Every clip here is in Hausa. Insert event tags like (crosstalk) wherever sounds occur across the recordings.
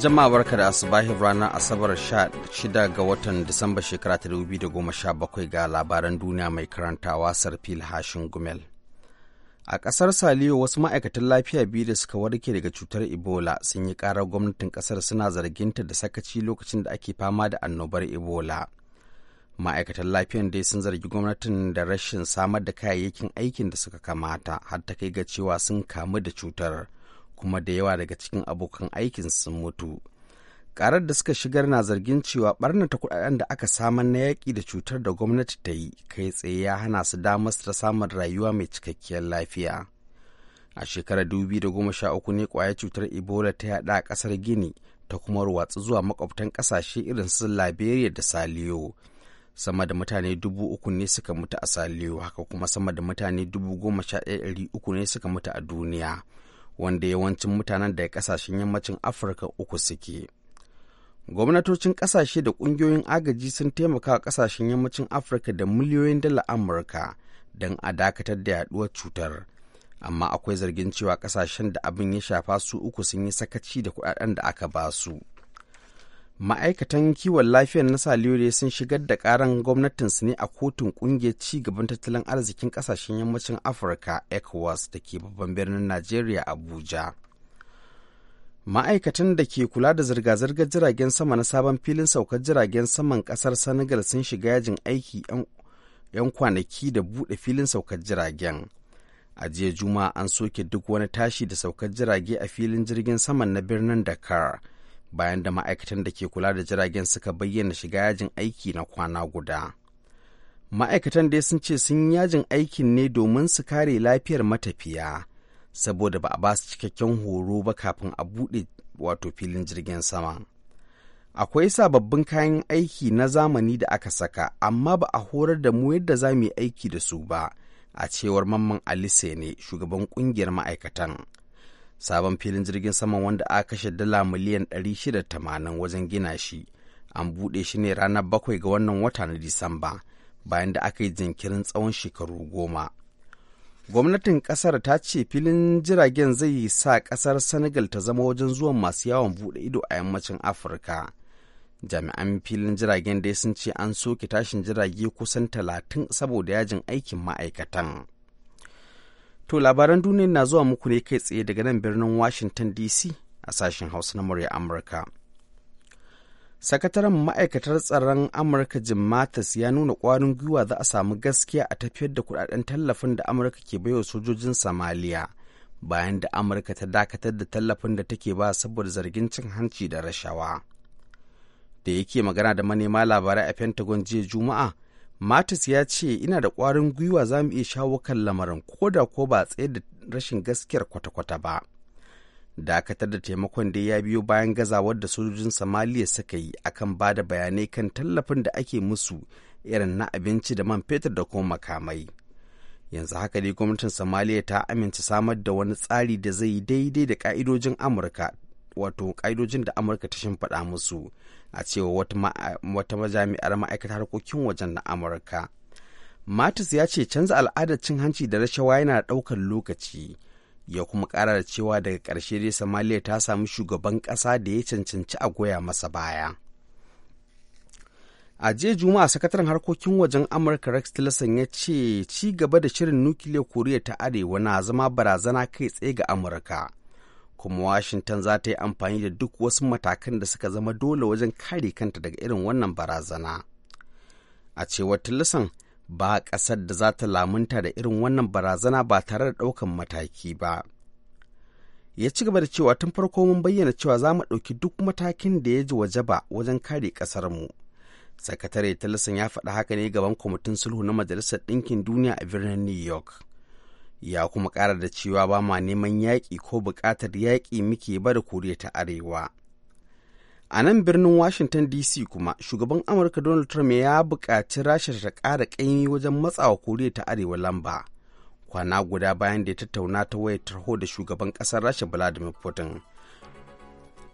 jama'a barka da asubahin ranar asabar 16 ga watan disamba shekara ta 2017 ga labaran duniya mai karantawa sarfil hashin gumel a kasar saliyo wasu ma'aikatan lafiya biyu da suka warke daga cutar ebola sun yi karar gwamnatin kasar suna zarginta da sakaci lokacin da ake fama da annobar ebola ma'aikatan lafiyan dai sun zargi gwamnatin da rashin samar da kayayyakin aikin da suka kamata har ta kai ga cewa sun kamu da cutar. kuma da yawa daga cikin abokan aikin sun mutu karar da suka shigar na zargin cewa barnata kudaden da aka samar na yaƙi da cutar da gwamnati ta yi kai tsaye ya hana su damar ta samun rayuwa mai cikakkiyar lafiya a shekarar 2013 ne kwaya cutar ebola ta yaɗa a ƙasar gini ta kuma watsu zuwa makwabtan ƙasashe irin su liberia da saliyo sama da mutane dubu uku ne suka mutu a saliyo haka kuma sama da mutane dubu goma sha ɗaya ɗari uku ne suka mutu a duniya wanda yawancin mutanen daga ƙasashen yammacin afirka uku suke gwamnatocin ƙasashe da ƙungiyoyin agaji sun taimaka ƙasashen yammacin afirka da miliyoyin dala amurka don a dakatar da yaduwar cutar amma akwai zargin cewa ƙasashen da abin ya shafa su uku sun yi sakaci da kudaden da aka ba su ma'aikatan kiwon lafiyar na saliyore sun shigar da karan gwamnatinsu ne a kotun kungiyar ci gaban tattalin arzikin kasashen yammacin afirka ecowas da ke babban birnin najeriya abuja ma'aikatan da ke kula da zirga-zirgar jiragen sama na sabon filin saukar jiragen saman kasar senegal sun shiga yajin aiki 'yan kwanaki da buɗe filin saukar jiragen a jiya juma'a an soke duk wani tashi da saukar jirage a filin jirgin saman na birnin dakar bayan da ma'aikatan da ke kula da jiragen suka bayyana shiga yajin aiki na kwana guda. Ma'aikatan dai sun ce sun yajin aikin ne domin su kare lafiyar matafiya, saboda ba a ba su cikakken horo ba kafin a buɗe wato filin jirgin sama. Akwai sababbin kayan aiki na zamani da aka saka, amma ba a horar da mu yadda za mu yi aiki da su ba, a cewar Mamman Alise ne shugaban ƙungiyar ma'aikatan. sabon filin jirgin saman wanda a kashe dala miliyan 680 wajen gina shi an buɗe shi ne ranar bakwai ga wannan wata na disamba bayan da aka yi jinkirin tsawon shekaru goma gwamnatin kasar ta ce filin jiragen zai sa kasar senegal ta zama wajen zuwan masu yawon buɗe ido a yammacin afirka jami'an filin jiragen dai sun ce an soke tashin jirage kusan talatin saboda yajin aikin ma'aikatan. To labaran duniya na zuwa muku ne kai tsaye daga nan birnin Washington DC a sashen Hausa na murya Amurka. Sakataren ma'aikatar tsaron Amurka Jim Mattis ya nuna ƙwarin gwiwa za a samu gaskiya a tafiyar da kudaden tallafin da Amurka ke baiwa sojojin Somalia bayan da Amurka ta dakatar da tallafin da take ba saboda zargin cin hanci da rashawa. Da yake magana da manema labarai a Pentagon jiya Juma'a, Matis ya ce ina da ƙwarin gwiwa za mu iya shawo kan lamarin ko da ko ba tsaye da rashin gaskiyar kwata-kwata ba. Dakatar da taimakon da ya biyo bayan gazawar da sojojin Somaliya suka yi akan ba da bayanai kan tallafin da ake musu irin na abinci da man fetur da kuma makamai. Yanzu haka dai gwamnatin samaliya ta amince samar da wani tsari da zai yi daidai da ka'idojin Amurka wato ka'idojin da Amurka ta shimfiɗa musu a cewa wata majami'ar ma'aikatar harkokin wajen na amurka matis ya ce canza al'adar cin hanci da rashawa yana ɗaukar lokaci ya kuma ƙara da cewa daga ƙarshe dai samaliya ta samu shugaban ƙasa da ya cancanci a goya masa baya a jiya juma'a sakataren harkokin wajen amurka rex tillerson ya ce ci gaba da shirin nukiliya koriya ta arewa na zama barazana kai tsaye ga amurka kuma washington za ta yi amfani da duk wasu matakan da suka zama dole wajen kare kanta daga irin wannan barazana a cewar tillerson ba ƙasar da za ta lamunta da irin wannan barazana ba tare da ɗaukan mataki ba ya ci gaba da cewa tun farko mun bayyana cewa za mu ɗauki duk matakin da ya ji waje ba wajen kare ƙasarmu sakatare tillerson ya faɗi haka ne gaban kwamitin sulhu na majalisar ɗinkin duniya a birnin new york ya kuma ƙara da cewa ba ma neman yaƙi ko buƙatar yaƙi muke ba da koriya ta arewa a nan birnin washington dc kuma shugaban amurka donald trump ya buƙaci rasha ta ƙara ƙaimi wajen matsawa koriya ta arewa lamba kwana guda bayan da ya tattauna ta wayar tarho da shugaban ƙasar rasha vladimir putin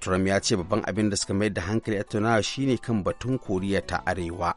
trump ya ce babban abin da suka mayar da hankali a tattaunawa shine kan batun koriya ta arewa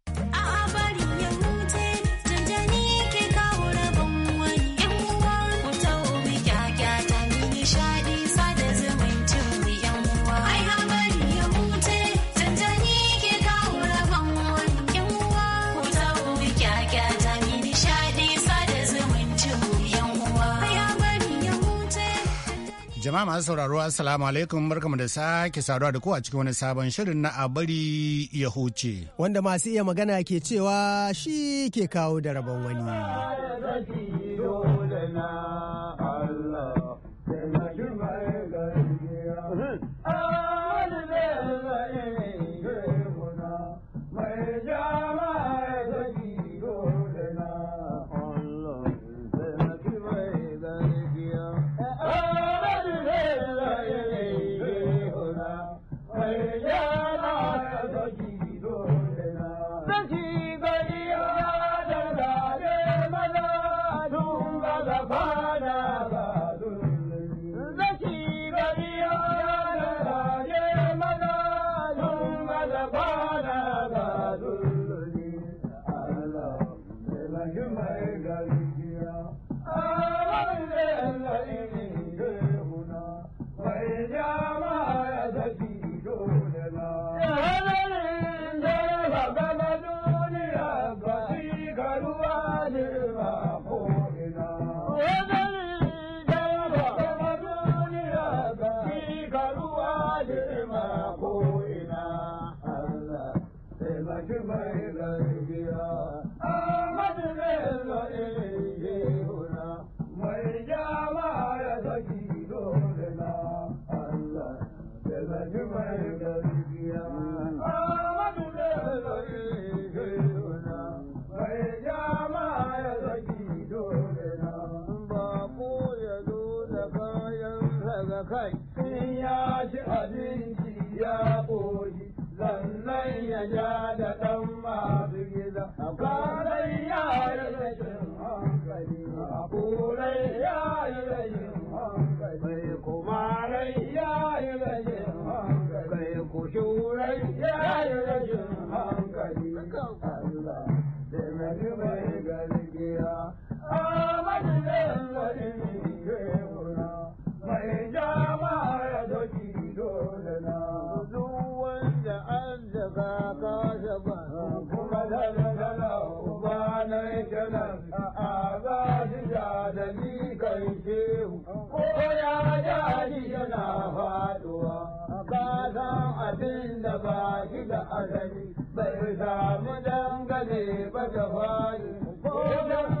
Jama'a masu sauraro Assalamu alaikum barkamu da sake saduwa da ku a cikin wani sabon shirin na a bari ya huce. Wanda masu iya magana ke cewa shi ke kawo da rabon wani. da azali bai damu dangane ba da fari ko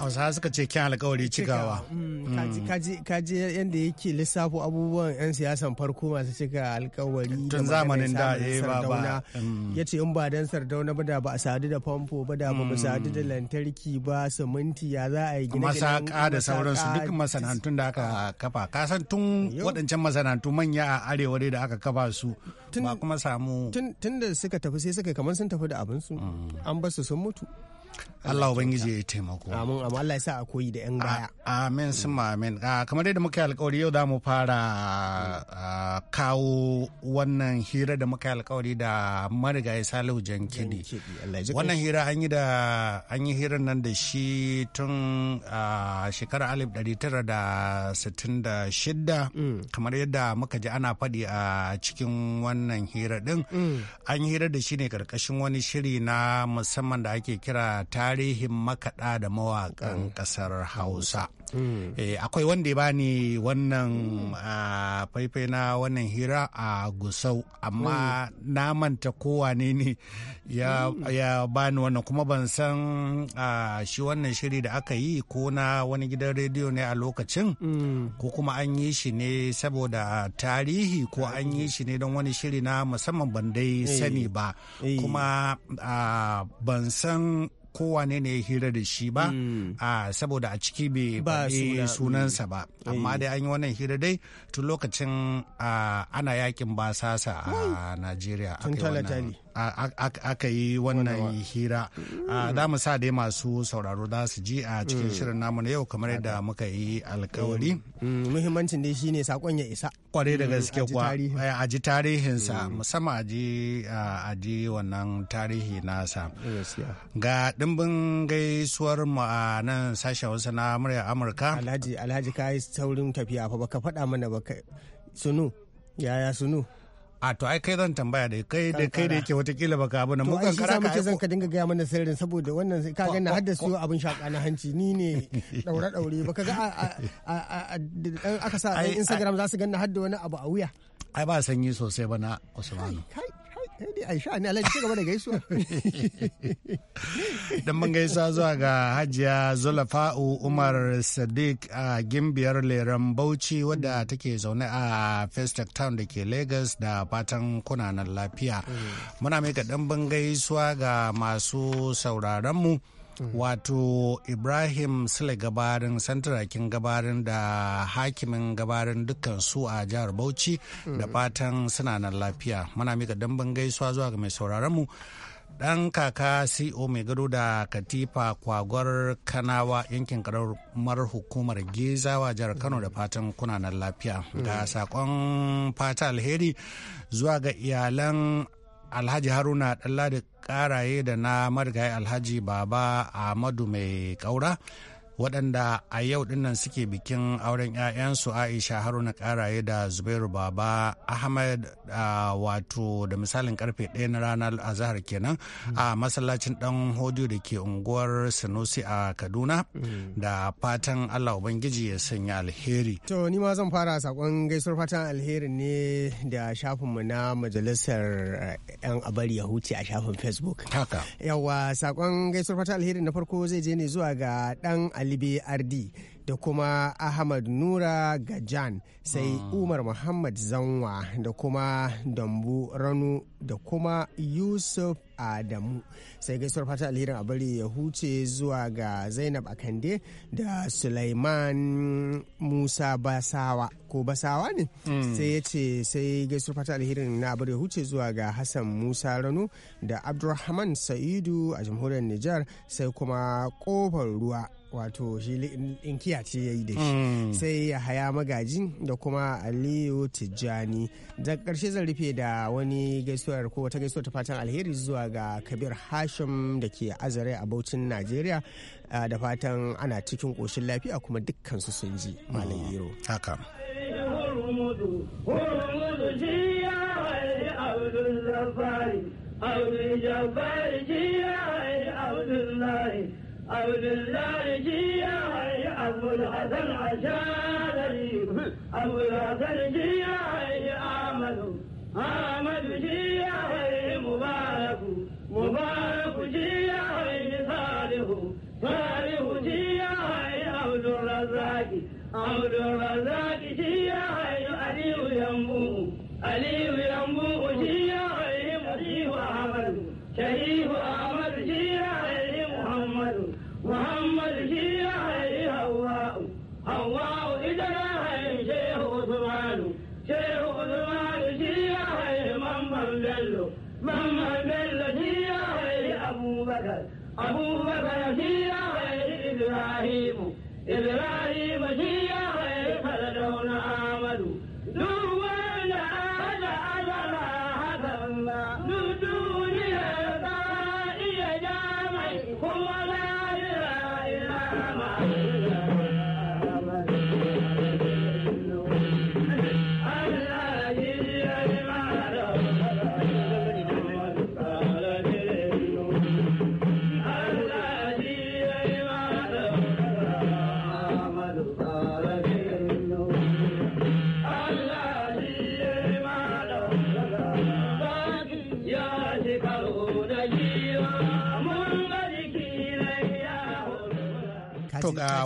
hausa suka ce kyan alkawari cikawa mm, mm. kaji yadda yake lissafo abubuwan 'yan siyasan farko masu cika alkawari tun zamanin da ya eh, ba ba mm. ya ce in ba dan sardauna ba da ba a sadu da famfo ba da ba ba sadu da lantarki ba siminti ya za a yi gine masaka da sauransu duk masana'antun da aka kafa kasan tun waɗancan masana'antu manya a arewa dai da aka kafa su ba kuma samu tun da suka tafi sai suka kamar sun tafi da abinsu an ba su sun mutu Allah ubangiji ya taimako amin amma Allah ya sa a koyi da yan baya amin amin kamar yadda muka alkawari yau za mu fara kawo wannan hira da muka alkawari da marigayi Salihu Jankidi wannan hira an yi da an yi hirar nan da shi tun a shekarar 1966 mm. kamar yadda muka ji ana faɗi a cikin wannan hira ɗin mm. an yi hira da shi ne karkashin wani shiri na musamman da ake kira ta tarihin makaɗa da mawaƙan mm. ƙasar hausa mm. eh, akwai wanda ya bani wannan faifai na wannan hira a gusau amma mm. na manta kowane ne ya bani wannan kuma ban san shi wannan shiri da aka yi ko na wani gidan rediyo ne a lokacin ko kuma an yi shi ne saboda tarihi ko an yi shi ne don wani shiri na musamman ban dai eh. sani ba eh. kuma ban san kowane ne ya hira da shi ba mm. a ah, saboda a ciki bai faɗi sunansa ba mm. amma dai an yi wannan hira dai tun lokacin ah, ana yakin basasa a najeriya a aka yi wannan hira mm. za mu sa dai masu sauraro za su ji a cikin mm. shirin namu na yau kamar yadda muka yi alkawari mm. muhimmancin dai shine sakon ya isa kwarai da gaske kuwa a ji tarihinsa musamman a ji wannan tarihi nasa ga dimbin gaisuwar mu a nan sashen wasu na murya amurka alhaji alhaji ka yi saurin tafiya fa baka faɗa mana baka sunu yaya sunu a to ai kai zan tambaya da kai da kai da yake watakila baka abu na mu kara ka ai zan ka dinga gaya mana sirrin saboda wannan ka ga na haddasa su abin shaka na hanci ni ne daure (laughs) daure baka ga a aka sa Instagram za su ganna hadda wani abu a wuya ai ba sanyi sosai ba na Usmanu da gaisuwa (laughs) dan mun gaisa zuwa ga hajiya zulafa'u umar sadiq a gimbiyar leran bauchi wadda take zaune a festac town da ke lagos da fatan kunanan lafiya mm. muna mai ka dan gaisuwa ga masu sauraronmu mu Mm-hmm. wato ibrahim sule gabarin santarakin gabarin da hakimin gabarin dukkan su a jihar bauchi da mm-hmm. fatan suna nan lafiya muna mika damben gaisuwa zuwa ga mai sauraron mu dan kaka co e mai gado da katifa kwagwar kanawa yankin karamar hukumar gezawa jihar kano mm-hmm. da fatan nan lafiya ga sakon fata alheri zuwa ga iyalan alhaji haruna ɗalla da ƙaraye da na marigayi alhaji baba ahmadu mai ƙaura waɗanda a yau dinnan suke bikin auren 'ya'yansu aisha haruna karaye da zubairu baba ahmed wato da misalin karfe 1 na ranar azahar kenan a masallacin dan hodiyo da ke unguwar sanusi a kaduna mm. da fatan allah ubangiji ya sanya alheri to ni ma zan fara sakon gaisuwar fatan alheri ne da shafinmu na majalisar eh, 'yan abari ya huce a shafin facebook yawa sakon gaisuwar fatan alheri na farko zai je ne zuwa ga dan Balbe Ardi da kuma Ahmad Nura Gajan sai ah. Umar Muhammad Zanwa da kuma Dambu Ranu da kuma Yusuf Adamu sai gaisuwar fata alherin a bari ya huce zuwa ga Zainab Akande da Sulaiman Musa Basawa ko Basawa ne hmm. sai ya ce sai gaisuwar fata alherin na bari ya huce zuwa ga Hassan Musa Rano da Abdulrahman Sa'idu a jamhuriyar Nijar sai kuma kofar ruwa wato shi ɗinkiya ce ya yi da shi mm. sai ya haya magaji da kuma aliyu tijjani da karshe zan rufe da wani gaisuwar ko wata gaisuwar ta fatan alheri zuwa ga kabir hashim da ke azare a baucin najeriya da fatan ana cikin koshin lafiya kuma dukkan su sun ji malam yiro mm. haka Abdullahi Abdullahi ji ya hayi Abul Hassan Ashadari, Abul Hassan ji ya hayi Ahmadu, Ahmadu ya Bello, Muhammad Bello jiya ya haifi Abubakar, Abubakar shi ya haifi Ibrahimu, Ibrahimu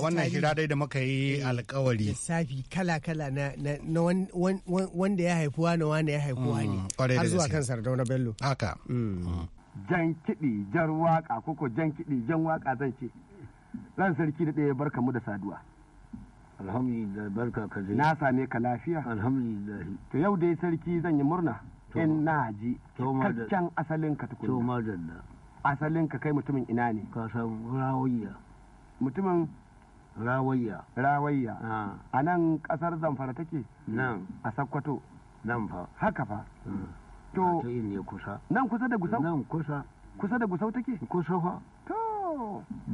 wannan hira dai da muka yi eh, alkawari lissafi kala kala na wanda ya haifuwa na wanda ya haifuwa ne mm, har zuwa kan sardauna bello haka mm. Mm. jan kiɗi jan waka koko jan kiɗi jan waka zan ce ran sarki da ɗaya barka mu da saduwa alhamdulillah barka ka na same ka lafiya alhamdulillah to yau dai sarki zan yi murna in na ji cikakken asalin ka tukuna to asalin ka kai mutumin ina ne ka san rawiya mutumin rawayya rawayya ah. a nan kasar zamfara take nan a sakkwato nan fa haka fa hmm. to ne kusa nan kusa da gusau nan kusa kusa da gusau take kusa fa to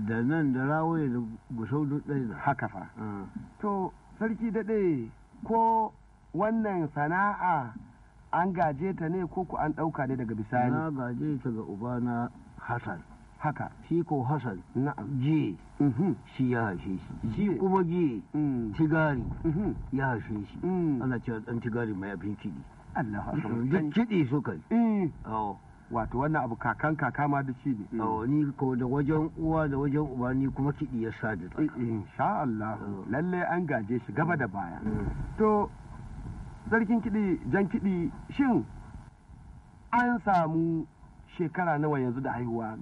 da nan da rawayya da gusau duk ɗaya haka fa ah. to sarki daɗe ko wannan sana'a an gaje ta ne ko ku an ɗauka ne daga bisani na gaje ta ga ubana hassan haka shi ko hassan na ji mhm. shi ya hashe shi shi kuma ji mm. tigari mhm. ya hashe shi mm. ana cewa dan tigari mai abin kiɗi Allah duk kiɗi su yi mm. wato wannan abu kakan kaka ma da shi ne ni ko da wajen uwa da wajen uba ni kuma kiɗi ya sa da eh, insha Allah lalle an gaje shi gaba da baya to sarkin kiɗi jan kiɗi shin an samu shekara nawa yanzu da haihuwa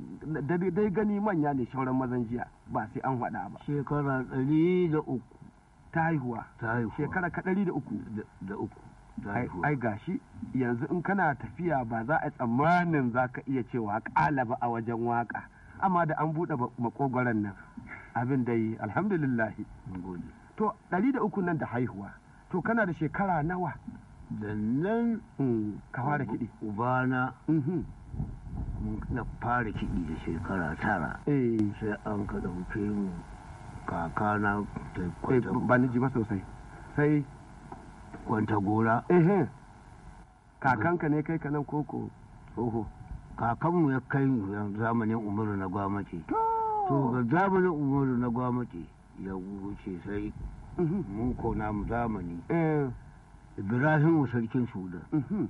dai gani manya ne shauran mazan jiya ba sai an faɗa ba shekara ɗari da uku ta haihuwa shekara ka ɗari da uku da uku ai gashi yanzu in kana tafiya ba za a tsammanin za ka iya cewa ƙalaba a wajen waka amma da an buɗe makogoron nan abin da yi alhamdulillahi to ɗari da uku nan da haihuwa to kana da shekara nawa da nan hmm, ka fara kiɗi ubana mhm. na fara kiɗi da shekara tara eh. sai an ka ɗauke mu kaka na. Eh, kwanta ba ni ji ba sosai sai kwanta gora eh kakanka ne kai kanan koko oho kakanmu ya kai zamanin umaru na gwamnati to ga zamanin umaru na gwamnati ya wuce sai mm-hmm. mun ko namu zamani eh. ibrahimu sarkin sudan mm-hmm.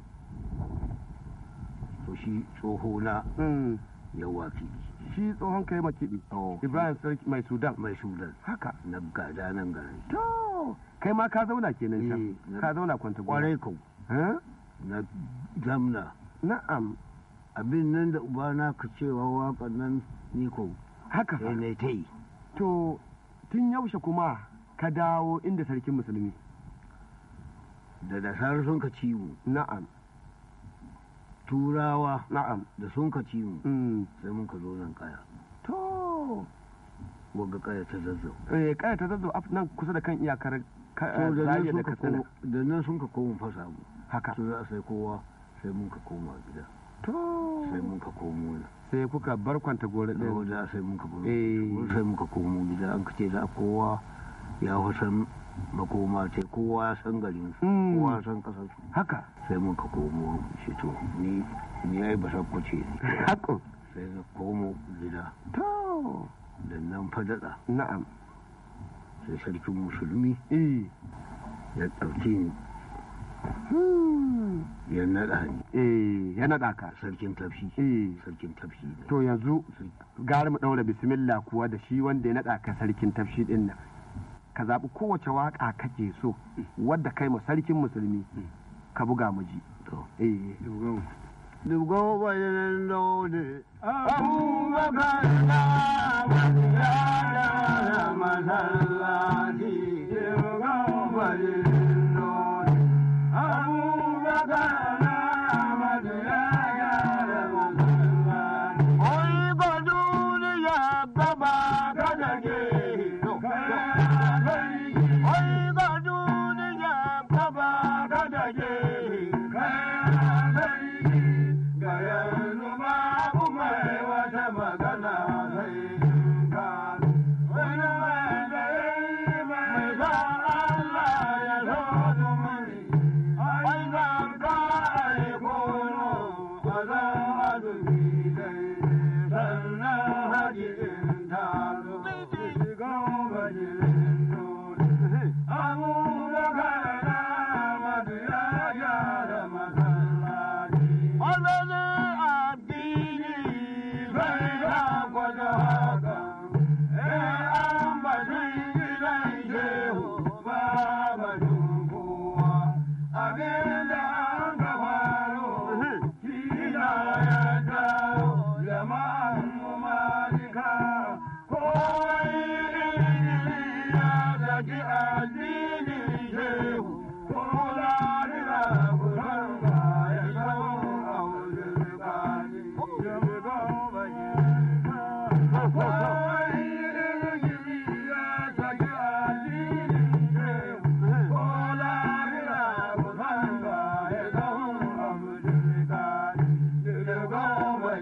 to shi tsoho na mm. yawa kiɗi shi tsohon kai ma kiɗi ibrahim sarki mai sudan mai sudan haka na gada nan gara. to kai ma ka zauna kenan can eh, ka zauna kwanta kwarai kau na zamna na'am abin nan da uba na ka cewa waƙar nan ni kau haka sai na ta yi to tun yaushe kuma ka dawo inda sarkin musulmi da da sun ka ciwo na'am turawa na'am da sun ka ci mu mm. sai mun ka zo nan kaya to wagga kaya ta zazzau eh kaya ta zazzau nan kusa da kan iyakar da da nan sun ka mun fasa mu haka to za sai kowa sai mun ka koma gida to sai mun ka komo na sai kuka barkwanta gore ɗaya da sai mun ka eh. sai mun ka komo gida an ka ce za kowa ya wasan ba koma sai kowa san garin su kowa san kasar su haka sai mun ka komo shi to ni ni ai ba sakko ce haka sai na komo gida to da nan fadada na'am sai sarkin musulmi ya ɗauki ni ya naɗa ni ya nada ka sarkin tafi sarkin tafi to yanzu gari mu daura bismillah kuwa da shi wanda ya naɗa ka sarkin tafshi din nan ka zaɓi kowace waƙa kake so wadda kai ma sarkin musulmi ka buga miji. Yeah.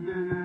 Yeah.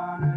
Amen.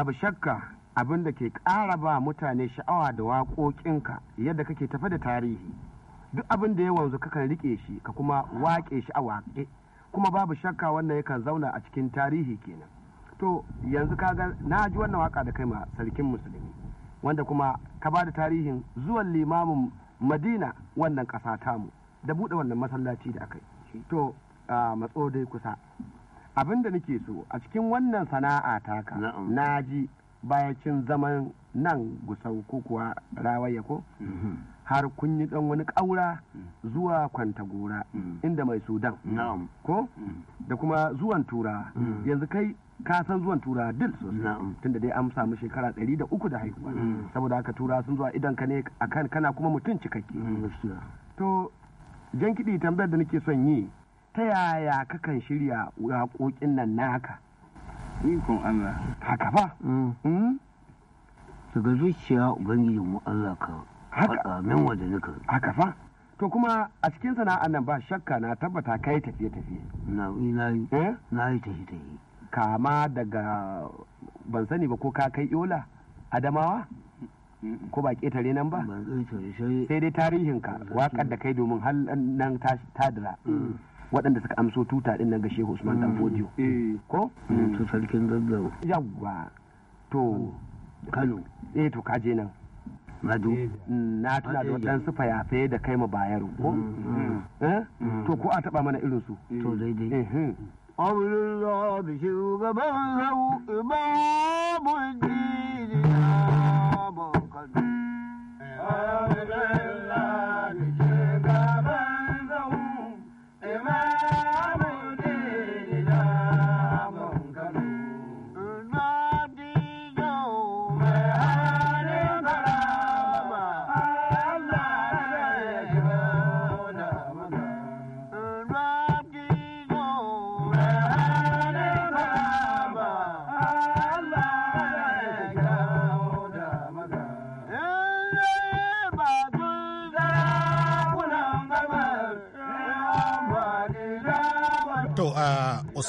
babu shakka abin da ke ƙara ba mutane sha'awa da waƙoƙinka yadda kake tafe da tarihi duk abin da ya wanzu kakan riƙe shi ka kuma waƙe shi a waƙe kuma babu shakka wannan yakan zauna a cikin tarihi kenan to yanzu kaga na ji wannan waka da kai ma sarkin musulmi wanda kuma ka ba da tarihin zuwan limamin madina wannan ƙasa tamu da buɗe wannan masallaci da aka yi to matso dai kusa abin da nake so a cikin wannan sana'a taka na ji bayacin zaman nan gusau ko kuwa rawaya ko mhm. har kun yi ɗan wani ƙaura mm. zuwa kwanta gora mm. inda mai sudan ko mm. da kuma zuwan tura yanzu kai ka san zuwan tura dil sosai tunda dai an samu shekara ɗari da uku da haihuwa saboda haka tura sun zuwa idan ka ne akan kana kuma mutum cikakke to jan kiɗi tambayar da nake son yi ta yaya kakan shirya waƙoƙin nan naka ikon Allah haka ba mm. mm. daga zuciya ubangiji mu Allah ka haka min wanda nika haka fa to kuma a cikin sana'an nan ba shakka na tabbata kai tafiye tafiye na yi eh? na yi tafiye tafiye kama daga ban sani ba ko ka kai yola adamawa ko ba ƙetare nan ba sai dai tarihin ka waƙar da kai domin hal nan ta dira mm. waɗanda suka amso tuta ɗin nan ga Shehu Usman Dan mm, Fodiyo eh. ko mm. Mm. to sarkin zazzau yawwa to Kano eh to kaje nan Madu. Na tuna da waɗansu fayafaye da kai mu bayar ko? Eh? To ko a taɓa mana irin su? Eh. To daidai. Abdullah shugaban hau babu jini na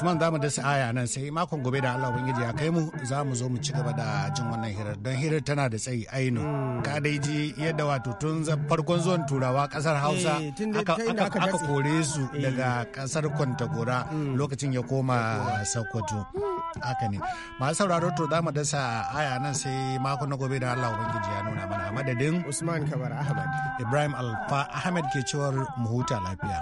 usman zamu da aya nan sai makon gobe da allah ubangiji ya kai mu za mu zo mu ci gaba da jin wannan hirar don hirar tana da tsayi aino mm. ka dai ji yadda wato tun farkon zuwan turawa kasar hausa eh, aka kore su eh. daga kasar kwantagora mm. lokacin ya koma sokoto haka ne masu sauraro to za mu dasa aya nan sai makon na gobe da allah ubangiji ya nuna mana madadin usman kabar ahmad ibrahim alfa ahmed ke cewar mu huta lafiya.